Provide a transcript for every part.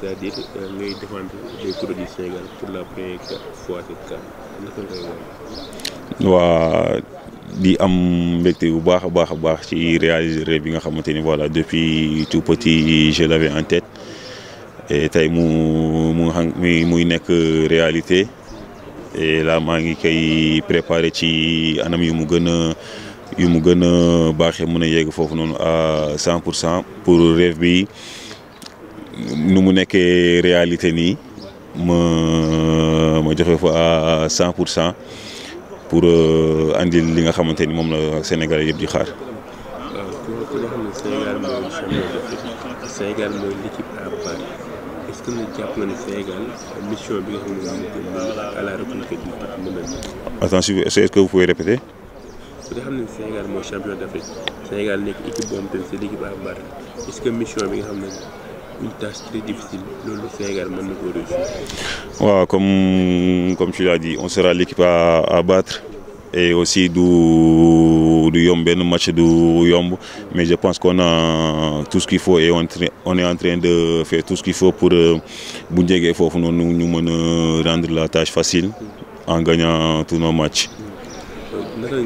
c'est-à-dire euh, waa di am mbégte bu baax a baax a baax ci réaliser bi nga xamante ni voilà depuis tout petit je l'avais en tête et tey mu mu muy nekk réalité et là maa ngi kay préparer ci anam yu mu gën a. yu mu gën a baaxee mën a yegg foofu noonu à cent pour cent pour rêve bi ni mu nekkee réalité nii ma ma joxe fa à cent pour cent pour euh, andil li nga xamante ni moom la Sénégal yëpp di xaar. Sénégal mooy l'équipe à est que jàpp na ne Sénégal mission bi nga xam ne à la reconquête du patrimoine. Attention, est-ce que vous pouvez répéter. su nga est que mission bi nga xam ne. une tâche très difficile comme comme tu l'as dit on sera l'équipe à, battre et aussi du du yomb benn match du yomb mais je pense qu'on a tout ce qu'il faut et on est en train de faire tout ce qu'il faut pour euh, bu njegee foofu noonu ñu mën a rendre la tâche facile en gagnant tous nos matchs. Euh,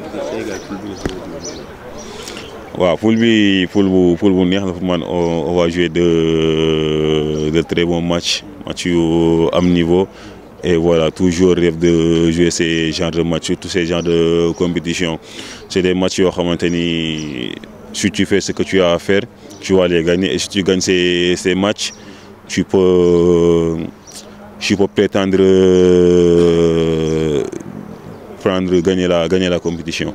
waaw poule bi poule bu poule bu neex na pour man on jouer de de très bons matchs match yu am niveau et voilà toujours rêve de jouer ces genres de matchs tous ces genres de compétition c'est des matchs yoo xamante ni si tu fais ce que tu as à faire tu vas les gagner et si tu gagnes ces matchs tu peux prétendre euh, prendre la gagner la compétition.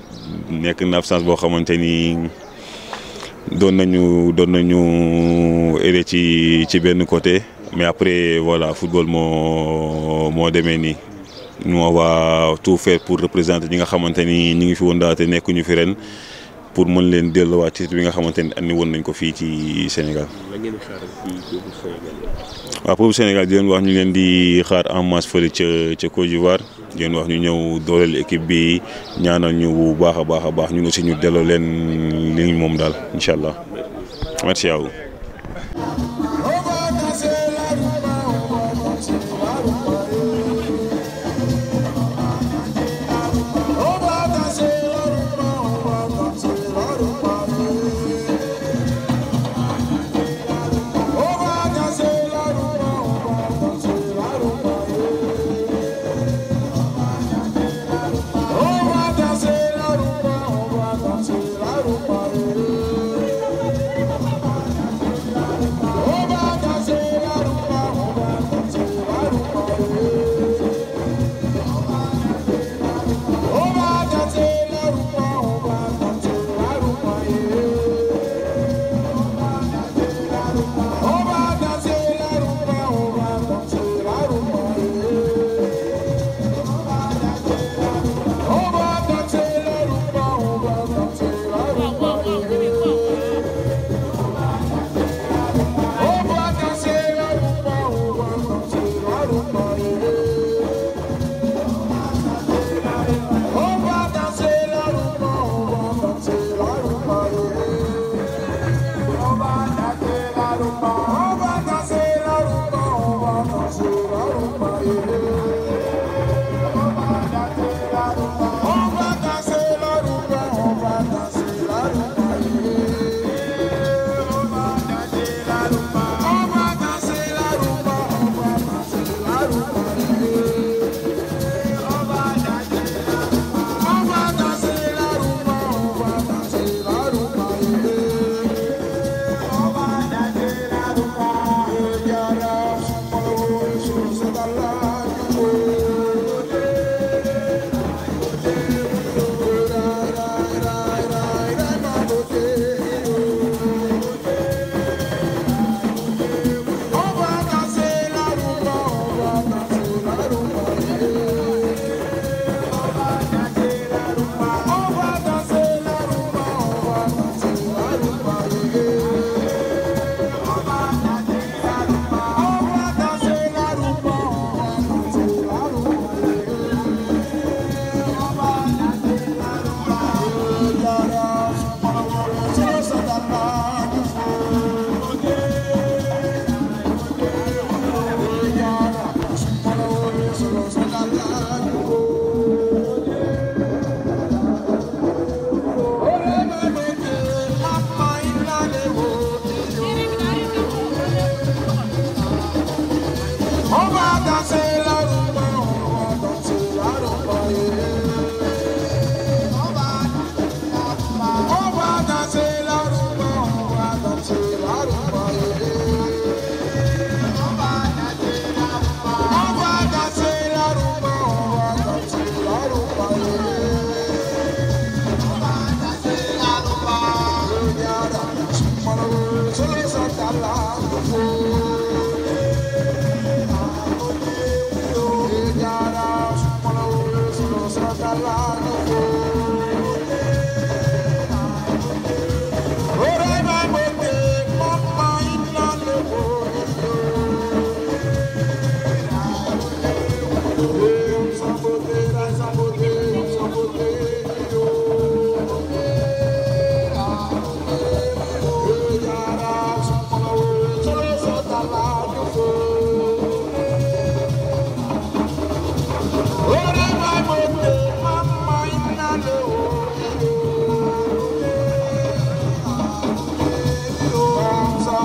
nekk na absence boo xamante ni doon nañu doon nañu erré ci ci benn côté mais après voilà football moo moo demee nii nous on va tout faire pour représenter ñi nga xamante ni ñu ngi fi woon daal te nekkuñu fi ren. pour mën leen delluwaat ci bi nga xamante ni woon nañ ko fii ci Sénégal. waaw peuple Sénégal di leen wax ñu leen di xaar en masse fële ca ca Côte d'Ivoire geen leen wax ñu ñëw dooleel équipe bi ñaanal ñu bu baax a baax a baax ñun si ñu delloo leen li moom daal incha allah merci à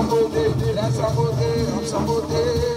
Saboté, Dina Saboté, Am Saboté.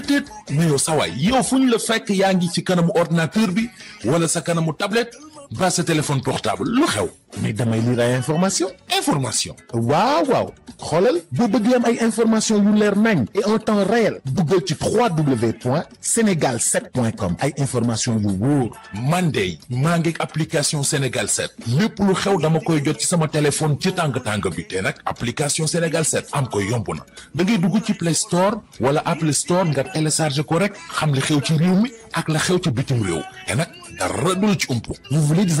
teet mais yow sa yow fu la fekk yaa ngi ci kanamu ordinateur bi wala sa kanamu tablette ba téléphone portable lu xew mais damay lire ay information information waaw waaw xoolal boo bëgg am ay information yu leer nañ et en temps réel duggal ci 3w point sénégal 7 point com ay information yu wóor man maa ngi application sénégal 7 lépp lu xew dama koy jot ci sama téléphone ci tàng tàng bi te nag application sénégal 7 am ko yomb na dangay ngay dugg ci play store wala apple store nga télécharge ko rek xam li xew ci réew mi ak la xew ci bitim réew te dara du la ci ump vous voulez des